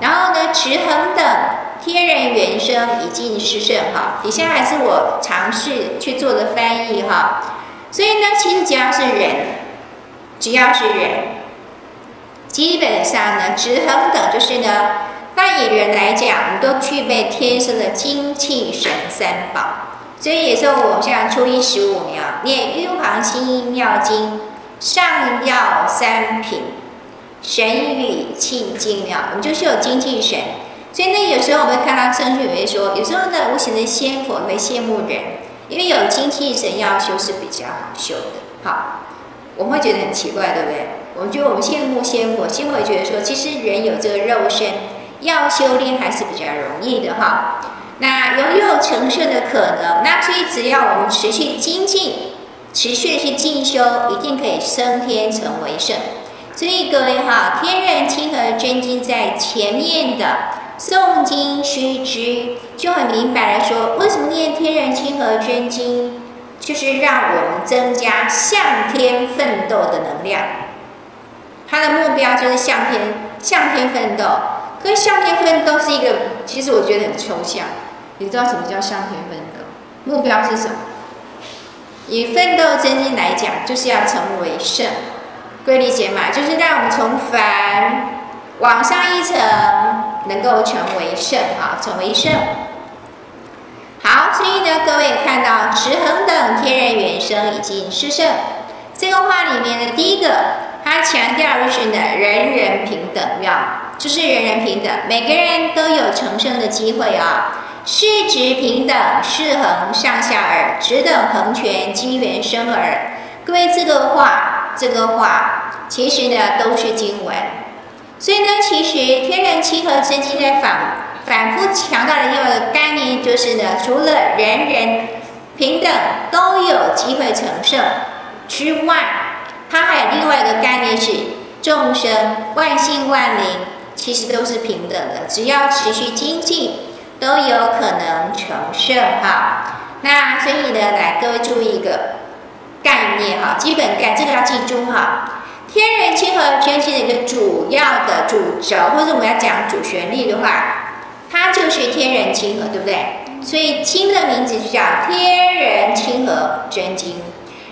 然後呢，質衡等，天人原生，以進是聖哈，以下還是我嘗試去做的翻譯哈。所以呢，其實只要是人，只要是人。基本上呢，質衡等就是呢。那以人來講，我們都具備天生的精氣神三寶。所以有時候我們像初一十五，我念《玉皇心印妙經》，上藥三品，神與氣精妙。我們就是有精氣神。所以呢，有時候我們會看到僧侶會說，有時候呢，無形的仙佛會羨慕人，因為有精氣神要修是比較好修的。好，我會覺得很奇怪，對不對？我們覺得我們羨慕羨慕，其實我先會覺得說，其實人有這個肉身，要修煉還是比較容易的哈。那擁有，有成聖的可能，那所以只要我們持續精進，持續去進修，一定可以升天成為聖。所以各位哈，《天人親和真經》在前面的誦經須知就很明白來說，為什麼念《天人親和真經》，就是讓我們增加向天奮鬥的能量。他的目標就是向天，向天奮鬥。跟向天奮鬥是一個，其實我覺得很抽象。你知道什麼叫向天奮鬥？目標是什麼？以奮鬥真經來講，就是要成為聖。歸理解嘛，就是讓我們從凡往上一層，能夠成為聖，哈，成為聖。好，所以呢，各位也看到質衡等，天人原生，以進是聖。這個話裡面的第一個。他強調的是呢，人人平等，對，就是人人平等，每個人都有成聖的機會啊、哦。是質平等，是衡上下爾；質等衡權，基原生爾。各位，這個話，這個話，其實呢都是經文。所以呢，其實天人親和真經在反反復強調的一個概念，就是呢，除了人人平等都有機會成聖之外。它還有另外一個概念是，眾生萬性萬靈其實都是平等的，只要持續精進都有可能成聖哈。那所以呢，來各位注意一個概念哈，基本概念這個要記住哈。天人親和真經的一個主要的主軸，或者我們要講主旋律的話，它就是天人親和，對不對？所以親的名字就叫天人親和真經。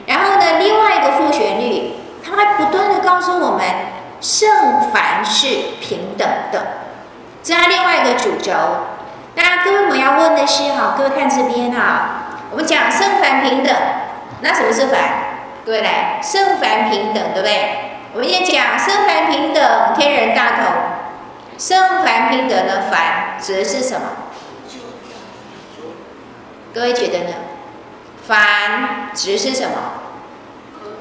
然後呢，另外一個副旋律，它還不斷的告訴我們，聖凡是平等的，加另外一個主軸。那各位我們要問的是哈，各位看這邊哈，我們講聖凡平等，那什麼是凡？各位來，聖凡平等，對不對？我們要講聖凡平等，天人大同。聖凡平等的凡指的是什麼？各位覺得呢？凡指的是什麼？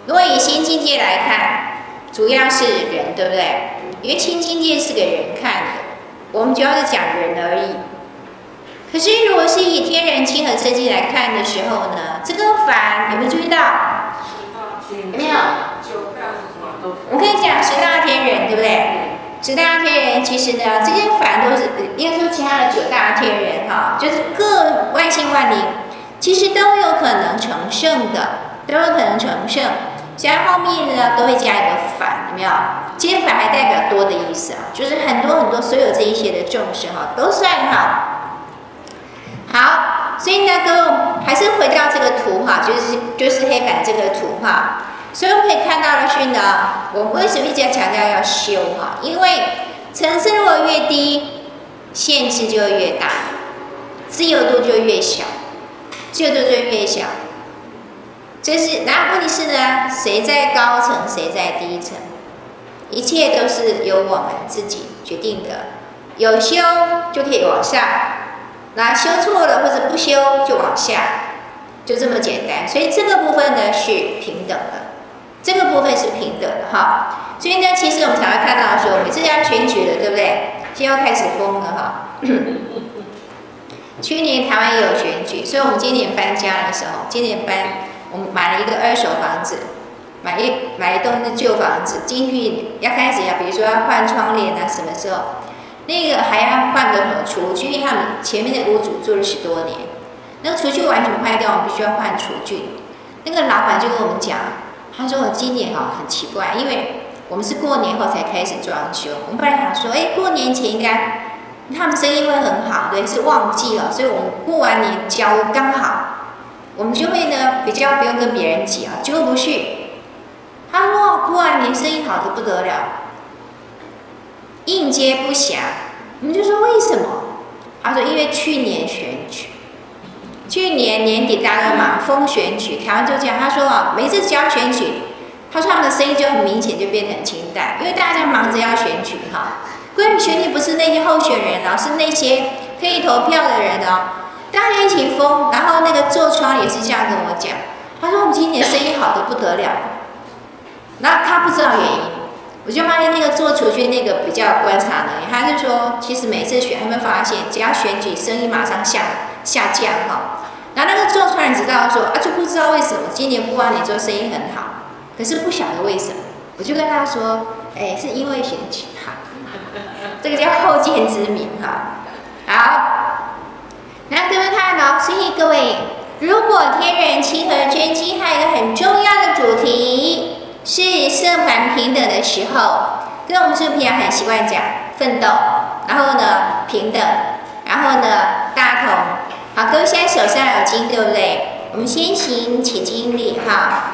如果以新境界來看，主要是人，對不對？因為新境界是給人看的，我們主要是講人而已。可是，如果是以天人親和真經來看的時候呢，這個凡，有沒有注意到？有沒有？我可以講十大天人，對不對？十大天人，其實呢，這些凡都是應該說，其他的九大天人哈、哦，就是各萬性萬靈。其實都有可能成聖的，都有可能成聖。加後面呢，都會加一個凡，有沒有？接凡還代表多的意思啊，就是很多很多，所有這一些的眾生哈，都算哈。好，所以呢，都還是回到這個圖哈，就是就是黑板這個圖哈。所以我們可以看到的是呢，我為什麼一直強調要修哈？因為層次如果越低，限制就越大，自由度就越小。修、這、度、個、就越小，這是哪？然後問題是呢，誰在高層，誰在低層，一切都是由我們自己決定的。有修就可以往上，那修錯了或者不修就往下，就這麼簡單。所以這個部分呢是平等的，這個部分是平等的哈。所以呢，其實我們才會看到說我們這家全局了，對不對？就要開始瘋了哈。 去年台灣也有選舉，所以我們今年搬家的時候，今年搬我們買了一個二手房子，買一買一棟那舊房子，進去要開始要，比如說要換窗簾啊，什麼時候？那個還要換個廚具，因為他們前面的屋主住了十多年，那個廚具完全壞掉，我們必須要換廚具。那個老闆就跟我們講，他說我今年啊很奇怪，因為我們是過年後才開始裝修，我們本來想說，誒、欸，過年前應該。他們生意會很好，對，是旺季，了，所以我們過完年交剛好，我們就會呢比較不用跟別人擠啊，就不去。他說過完年生意好的不得了，應接不暇。我們就說為什麼？他說因為去年選舉，去年年底大家忙風選舉，台灣就這樣，他說啊，每一次只要選舉，他說他們的生意就很明顯就變得很清淡，因為大家忙着要選舉哈。閨蜜選舉，不是那些候選人哦，是那些可以投票的人哦。大家一起瘋，然後那個坐窗也是這樣跟我講。他說，我們今年生意好的不得了，那他不知道原因。我就發現那個做出去那個比較有觀察能力，他就說其實每次選他們發現，只要選舉生意馬上下下降哈、哦。然後那個坐窗人知道說啊就不知道為什麼今年不管你做生意很好，可是不曉得為什麼。我就跟他說，哎，是因為選舉好。這個叫後見之明哈，好，那各位看到。所以各位，如果天人親和真經還有一個很重要的主題是聖凡平等的時候，跟我們是不是平常很習慣講奮鬥，然後呢，平等，然後呢，大同。好，各位現在手上有經對不對？我們先行請經禮哈，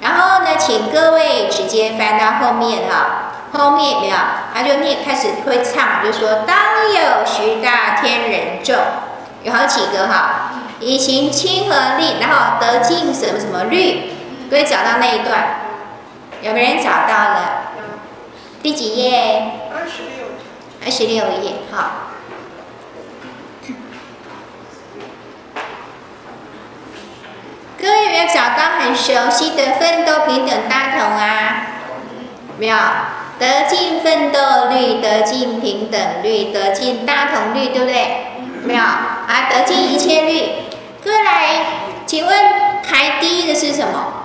然後呢，請各位直接翻到後面哈。後面沒有，他就念開始會唱，就說當有十大天人眾，有好幾個哈，以行親和力，然後得盡什麼什麼律，各位找到那一段，有沒有人找到了？第幾頁？二十六，二十六頁，好，各位有沒有找到很熟悉的奮鬥平等大同啊？沒有。得盡奮鬥律，得盡平等律，得盡大同律，對不對？有沒有啊，得盡一切律。各位來，請問排第一的是什麼？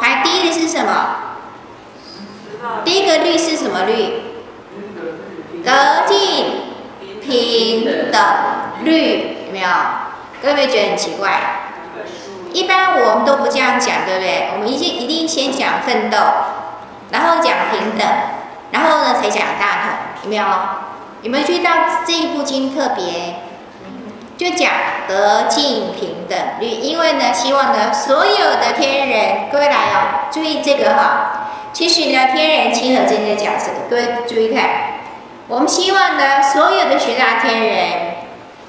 排第一的是什麼？第一個律是什麼律？得盡平等律，有沒有？各位覺得很奇怪？一般我們都不這樣講，對不對？我們一定一定。先講奮鬥，然後講平等，然後呢才講大同。有沒有？你們注意到這一部經特別，就講得盡平等。因為呢，希望呢所有的天人，各位來要、哦、注意這個哈、哦。其實呢，天人親和正在講什麼？各位注意看，我們希望呢，所有的十大天人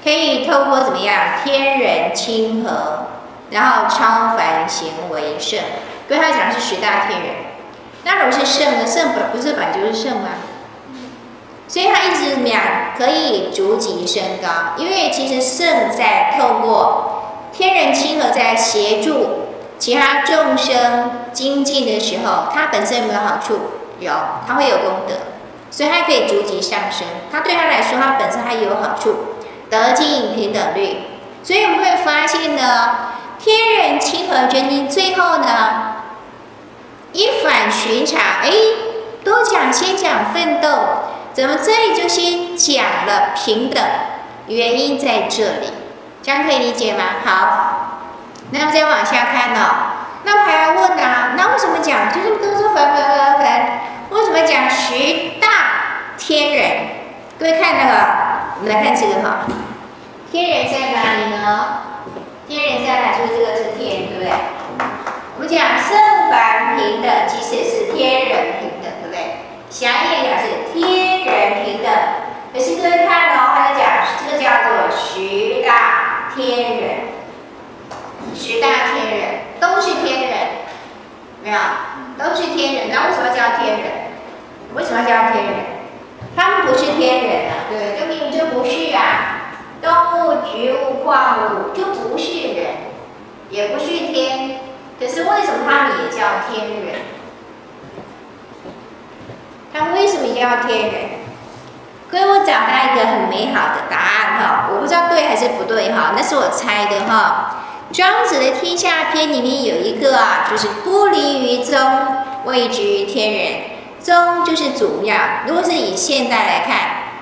可以透過怎麼樣？天人親和，然後超凡咸為聖。對他講是十大天人，那如果是聖的，聖本不是本就是聖嗎、啊？所以他一直怎麼樣？可以逐級升高，因為其實聖在透過天人親和在協助其他眾生精進的時候，它本身有沒有好處？有，它會有功德，所以它可以逐級上升。它對他來說，它本身還有好處，得盡平等律。所以我們會發現呢，天人親和真經最後呢。一反尋常，哎，都講先講奮鬥，怎麼這裡就先講了平等？原因在這裡，這樣可以理解嗎？好，那麼再往下看呢，哦，那我還要問啊，那為什麼講？就是都說凡凡凡凡，為什麼講十大天人？各位看那個，我們來看這個哈，天人在哪裡呢？天人在哪？就是這個是天，對不對？我講聖凡平的。人宗就是祖廟。如果是以現代來看，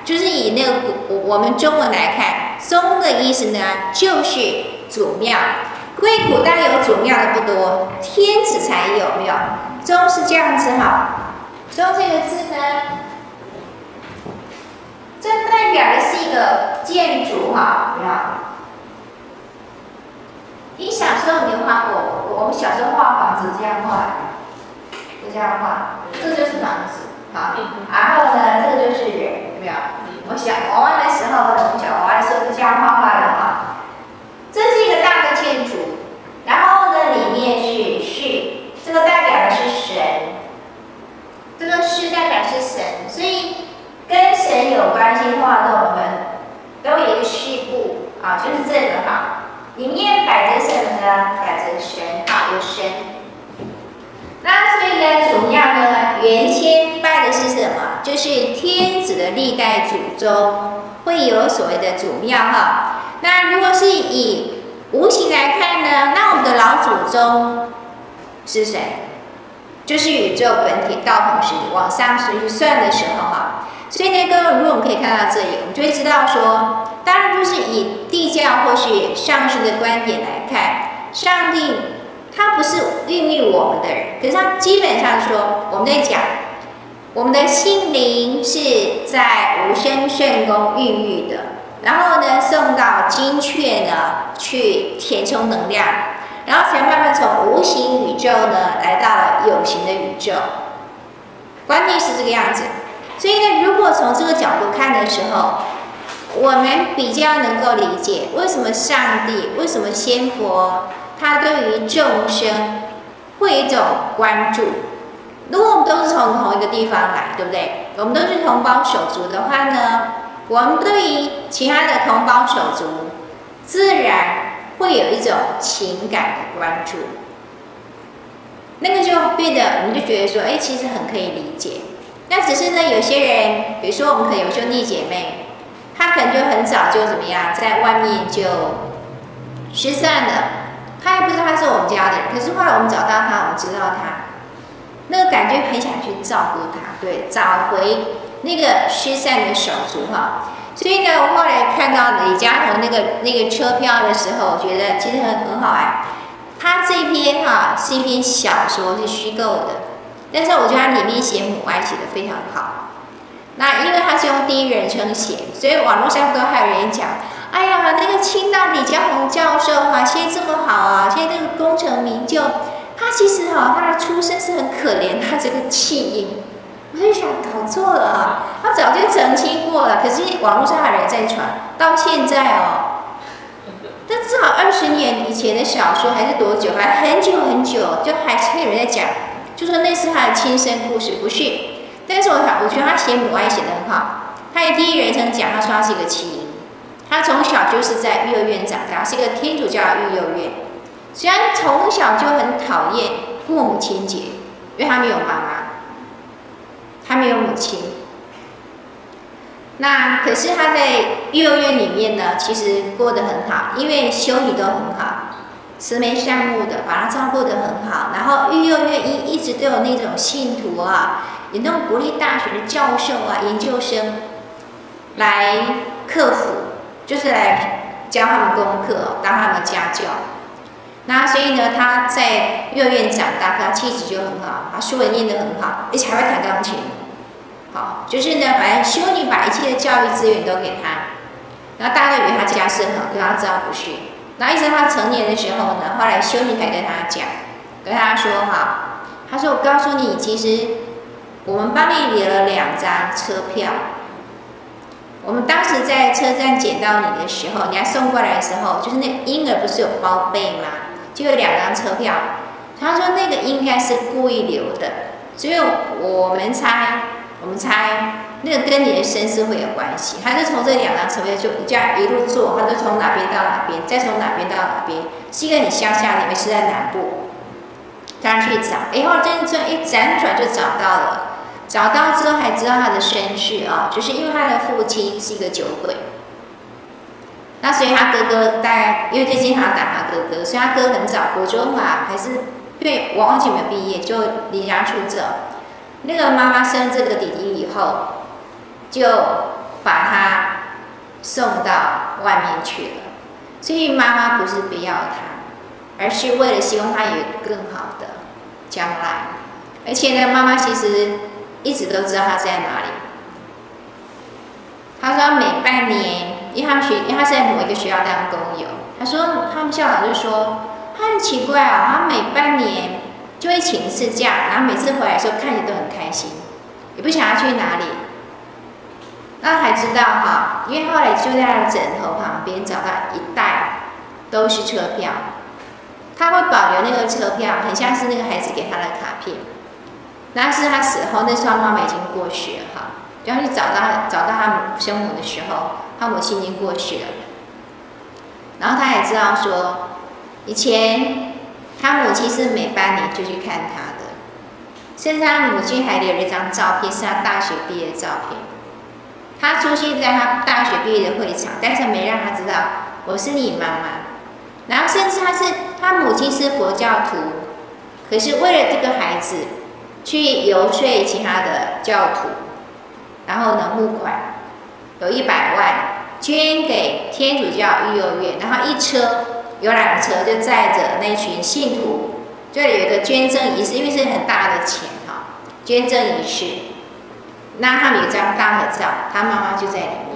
就是以那個我我們中文來看，宗的意思呢，就是祖廟。因為古代有祖廟的不多，天子才有廟。宗是這樣子哈、哦。宗這個字呢，這代表的是一個建築哈。你、哦、你小時候你畫過，我們小時候畫房子這樣畫。這樣畫，這就是房子，好、嗯。然後呢，這個、就是人有沒有？嗯、我想往外的時候，從小往外的時候是這樣畫畫的哈。這是一個大的建築，然後呢，裡面是旭，這個代表的是神，這個是代表的是神，所以跟神有關係的話，那我們都有一個序部啊，就是這個哈、啊。裡面擺着什麼呢？擺着玄哈，有玄。就是天子的歷代祖宗會有所謂的祖廟哈。那如果是以無形來看呢？那我們的老祖宗是誰？就是宇宙本體道統始祖，往上數去算的時候哈。所以，各位，如果我們可以看到這裡，我們就會知道說，當然就是以帝教或是上師的觀點來看，上帝他不是孕育我們的人，可是他基本上說我們在講。我們的心靈是在無生聖宮孕育的，然後呢送到金闕呢去填充能量，然後才慢慢從無形宇宙呢來到了有形的宇宙。關鍵是這個樣子，所以呢，如果從這個角度看的時候，我們比較能夠理解為什麼上帝、為什麼仙佛他對於眾生會有一種關注。如果我們都是從同一個地方來，對不對？我們都是同胞手足的話呢，我們對於其他的同胞手足，自然會有一種情感的關注。那個就變得，我們就覺得說，哎、欸，其實很可以理解。那只是呢，有些人，比如說我們可能有兄弟姐妹，他可能就很早就怎麼樣，在外面就失散了，他也不知道他是我們家的。可是後來我們找到他，我們知道他。那個感覺很想去照顧他，對，找回那個失散的手足。哈。所以呢，我後來看到李家同那個那個車票的時候，我覺得其實很很好哎、啊。他這篇哈、啊、是一篇小說，是虛構的，但是我覺得他裡面寫母愛寫得非常好。那因為他是用第一人稱寫，所以網絡上都還有人講，哎呀，那個青島李家同教授哈、啊，寫這麼好啊，現在那個功成名就。他其實哈、哦，他的出生是很可憐，他這個棄嬰。我就想搞錯了，他早就澄清過了，可是網絡上還有人在傳，到現在哦，但至少二十年以前的小說還是多久，還很久很久，就還是有人在講，就說那是他的親生故事，不是。但是我想，我覺得他寫母愛寫的很好。他的第一人稱講，他說他是一個棄嬰，他從小就是在育兒院長大，是一個天主教的育幼院。雖然從小就很討厭過母親節，因為他沒有媽媽，他沒有母親。那可是他在育幼院裡面呢，其實過得很好，因為修女都很好，慈眉善目的，把他照顧得很好。然後育幼院一一直都有那種信徒啊，有那種國立大學的教授啊、研究生來課輔，就是來教他們功課，當他們家教。那所以呢，他在幼兒園長大，他氣質就很好，他書本念得很好，而且還會彈鋼琴。好，就是呢，反正修女把一切的教育資源都給他，然後大家都以為他家世很好，對他知道不敘。那一直到他成年的時候呢，後來修女才跟他講，跟他說哈，他說我告訴你，其實我們幫你留了兩張車票。我們當時在車站撿到你的時候，人家送過來的時候，就是那嬰兒不是有包被嗎？就有兩張車票，他說那個應該是故意留的，所以我們猜，我們猜那個跟你的身世會有關係。他就從這兩張車票就一家一路坐，他就從哪邊到哪邊，再從哪邊到哪邊，是一個你鄉下你們是在南部。他去找，然、欸、後這一轉一輾轉就找到了，找到之後還知道他的身世啊、哦，就是因為他的父親是一個酒鬼。那所以，他哥哥帶，因為最近他打他哥哥，所以他哥很早，我州話還是，因為我忘記沒畢業，就離家出走。那個媽媽生這個弟弟以後，就把他送到外面去了。所以媽媽不是不要他，而是為了希望他有更好的將來。而且呢，媽媽其實一直都知道他在哪裡。他說每半年。因為他們學，因為他在某一個學校當工友。他說，他們校長就說，他很奇怪啊、哦，他每半年就會請一次假，然後每次回來的時候看起來都很開心，也不想要去哪裡。那還知道哈？因為後來就在他枕頭旁邊找到一袋都是車票，他會保留那個車票，很像是那個孩子給他的卡片。那是他死後，那時候媽媽已經過世了哈。然後去找到找到他母、生母的時候，他母親已經過世了。然後他也知道說，以前他母親是每半年就去看他的。甚至他母親還留了一張照片，是他大學畢業的照片。他出現在他大學畢業的會場，但是沒讓他知道我是你媽媽。然後甚至他是他母親是佛教徒，可是為了這個孩子，去游說其他的教徒，然後呢？募款有一百萬，捐給天主教育幼院。然後一車遊覽車就載着那群信徒。這裡有一個捐贈儀式，因為是很大的錢哈，捐贈儀式。那他們有張大合照，他媽媽就在裡面。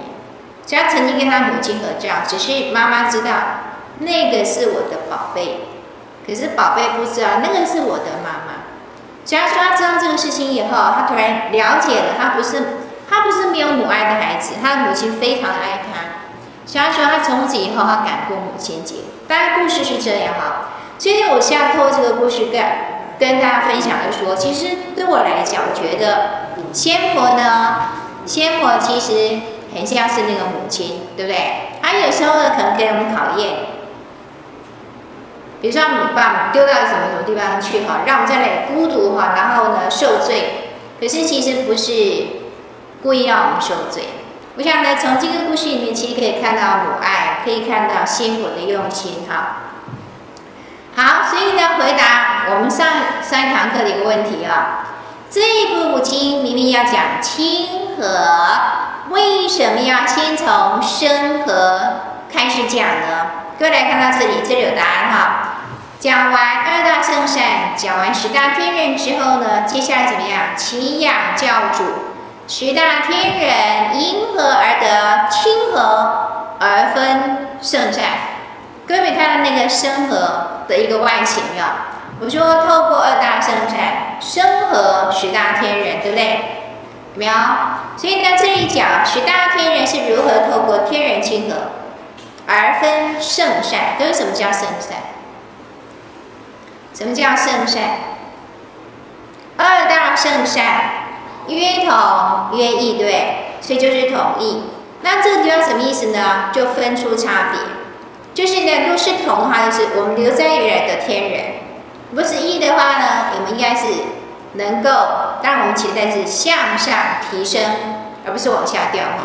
所以他曾經跟他母親合照，只是媽媽知道那個是我的寶貝，可是寶貝不知道那個是我的媽媽。所以說他知道這個事情以後，他突然了解了，他不是。他不是沒有母愛的孩子，他的母親非常愛他。所以說，他從此以後他敢過母親節。當然，故事是這樣哈。所以我現在透過這個故事跟跟大家分享的說，其實對我來講，我覺得仙佛呢，仙佛其實很像是那個母親，對不對？她有時候呢，可能給我們考驗，比如說把我們丟到什麼什麼地方去哈，讓我們在那裡孤獨哈，然後呢受罪。可是其實不是。故意讓我們受罪。我想呢，從這個故事裡面，其實可以看到母愛，可以看到先祖的用心。好，好，所以呢，回答我們上三堂課的一個問題啊：這一部母親明明要講親和，為什麼要先從生和開始講呢？各位來看到這裡，這裡有答案哈。講完二大聖善，講完十大天人之後呢，接下來怎麼樣？啟仰教主。十大天人因何而得親和，而分勝善？各位你看到那個生和的一個外形了？我說透過二大生產生和十大天人，對不對？沒有？所以呢，這一講十大天人是如何透過天人親和而分勝善？都是什麼叫勝善？什麼叫勝善？二大勝善。約同約異，對，所以就是同異。那這個地方什麼意思呢？就分出差別。就是能夠是同的話，就是我們留在原來的天人；不是異的話呢，我們應該是能夠，當我們其實在是向上提升，而不是往下掉哈。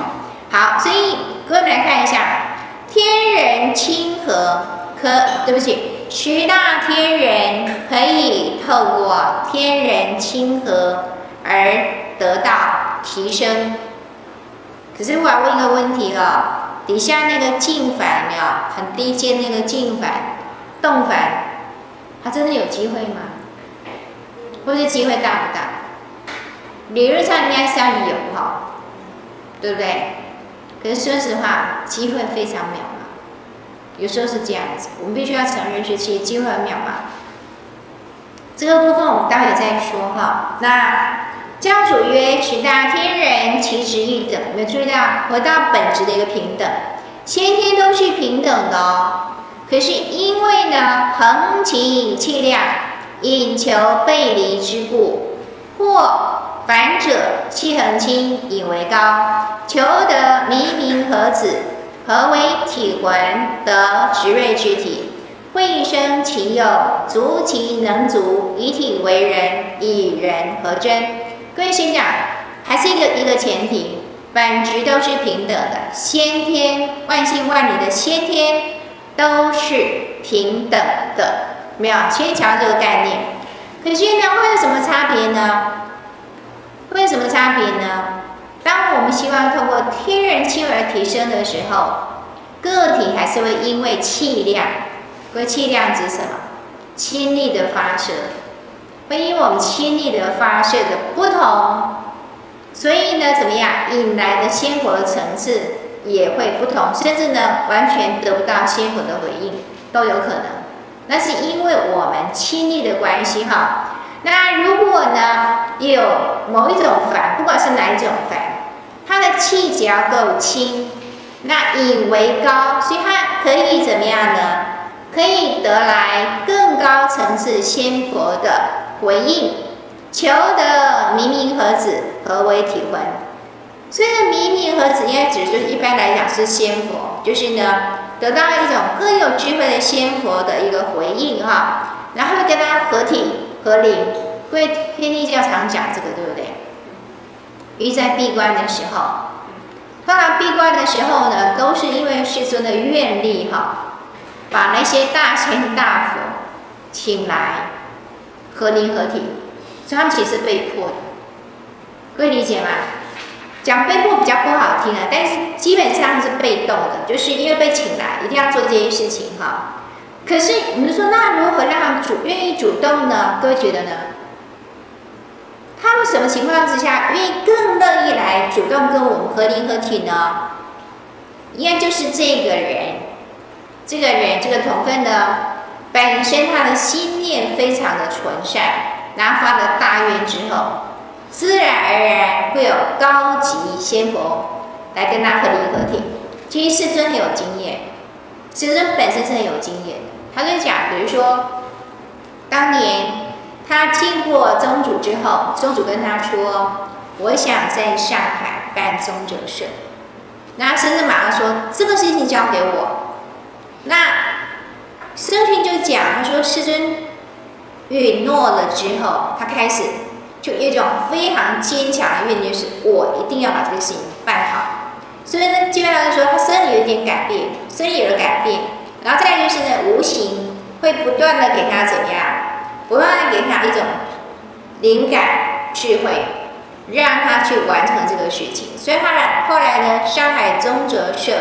好，所以各位們來看一下，天人親和可對不起，十大天人可以透過天人親和而。得到提升，可是我要問一個問題哦，底下那個靜凡沒有很低階那個靜凡、動凡，它真的有機會嗎？或者機會大不大？理論上應該三比不哈，對不對？可是說實話，機會非常渺茫，有時候是這樣子，我們必須要承認是其實機會很渺茫。這個部分我們待會再說哈、哦，那。教主曰：“十大天人，其質亦等。有沒有注意到，回到本質的一個平等？先天都是平等的。哦，可是因為呢，衡其氣量，引求悖離之故。或凡者，氣衡輕，引惟高，求得彌明和子，合為體魂，得質銳智體，慧生其用。足其能足。以體為仁，以仁合真。”各位學長，還是一個一個前提，本質都是平等的，先天萬性萬靈，的先天都是平等的，沒有牽強這個概念。可是呢，會有什麼差別呢？會有什麼差別呢？當我們希望透過天人氣而提升的時候，個體還是會因為氣量，各位氣量指什麼？親力的發射。因為我們親力的發洩的不同，所以呢，怎麼樣引來的仙佛的層次也會不同，甚至呢完全得不到仙佛的回應都有可能。那是因為我們親力的關係哈。那如果呢有某一種凡，不管是哪一種凡，它的氣衡要夠輕，那引惟高，所以它可以怎麼樣呢？可以得來更高層次仙佛的。回應。求得彌明和子，合為體魂，所以呢，彌明和子應該指，就一般來講是仙佛，就是呢，得到一種更有智慧的仙佛的一個回應哈，然後跟他合體合靈，會天帝教常講這個對不對？一在閉關的時候，當然閉關的時候呢，都是因為世尊的願力哈，把那些大仙大佛請來。合靈合體，所以他們其實是被迫的，各位理解嗎？講被迫比較不好聽啊，但是基本上是被動的，就是因為被請來，一定要做這件事情哈、哦。可是我們說，那如何讓主願意主動呢？各位覺得呢？他們什麼情況之下願意更樂意來主動跟我們合靈合體呢？應該就是這個人，這個人，這個同分呢？本身他的心念非常的純善，然後發了大願之後，自然而然會有高級仙佛來跟他合靈合體。其實師尊很有經驗，師尊本身是很有經驗。他就講，比如說，當年他經過宗主之後，宗主跟他說：“我想在上海辦宗哲社。”那師尊馬上說：“這個事情交給我。”那。師尊就講，他說：“師尊允諾了之後，他開始就一種非常堅強的願念，就是我一定要把這個事情辦好。”所以呢，基本上就是說，他生理有點改變，生理有了改變，然後再就是呢，無形會不斷的給他怎麼樣，不斷的給他一種靈感、智慧，讓他去完成這個事情。所以他的後來呢，上海宗哲社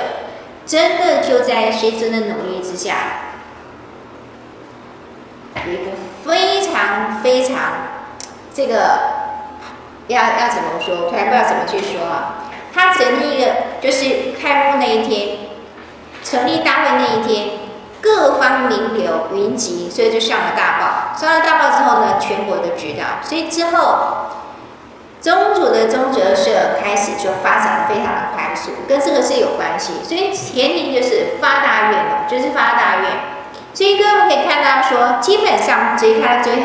真的就在師尊的努力之下。一個非常非常，這個要要怎麼說？突然不知道怎麼去說啊！他成立一個，就是開幕那一天，成立大會那一天，各方名流雲集，所以就上了大報。上了大報之後呢，全國都知道，所以之後宗主的宗哲社開始就發展非常的快速，跟這個是有關係。所以當年就是發大願了，就是發大願。這個我們可以看到說，基本上直接看到真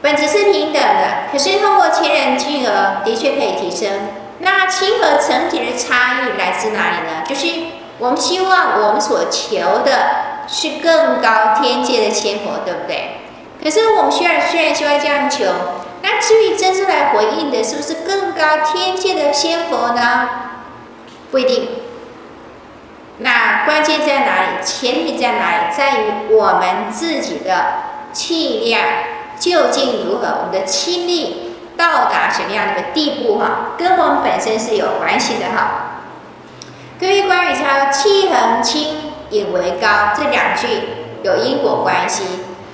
本質是平等的，可是通過天人親和的確可以提升。那親和層級的差異來自哪裡呢？就是我們希望我們所求的是更高天界的仙佛，對不對？可是我們需要，雖然需要這樣求，那至於真正來回應的是不是更高天界的仙佛呢？不一定。那關鍵在哪裡？前提在哪裡？在於我們自己的氣量究竟如何？我們的氣力到達什麼樣的一個地步？哈，跟我們本身是有關係的哈。各位關羽說：“氣衡輕，引惟高。”這兩句有因果關係。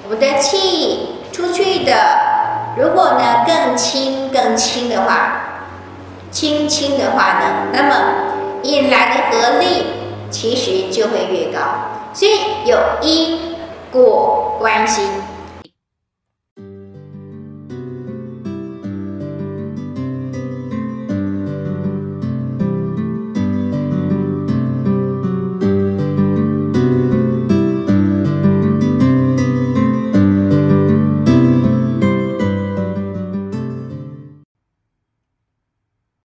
我們的氣出去的，如果呢更輕、更輕的話，輕輕的話呢，那麼引來的合力，其實就會越高，所以有因果關係。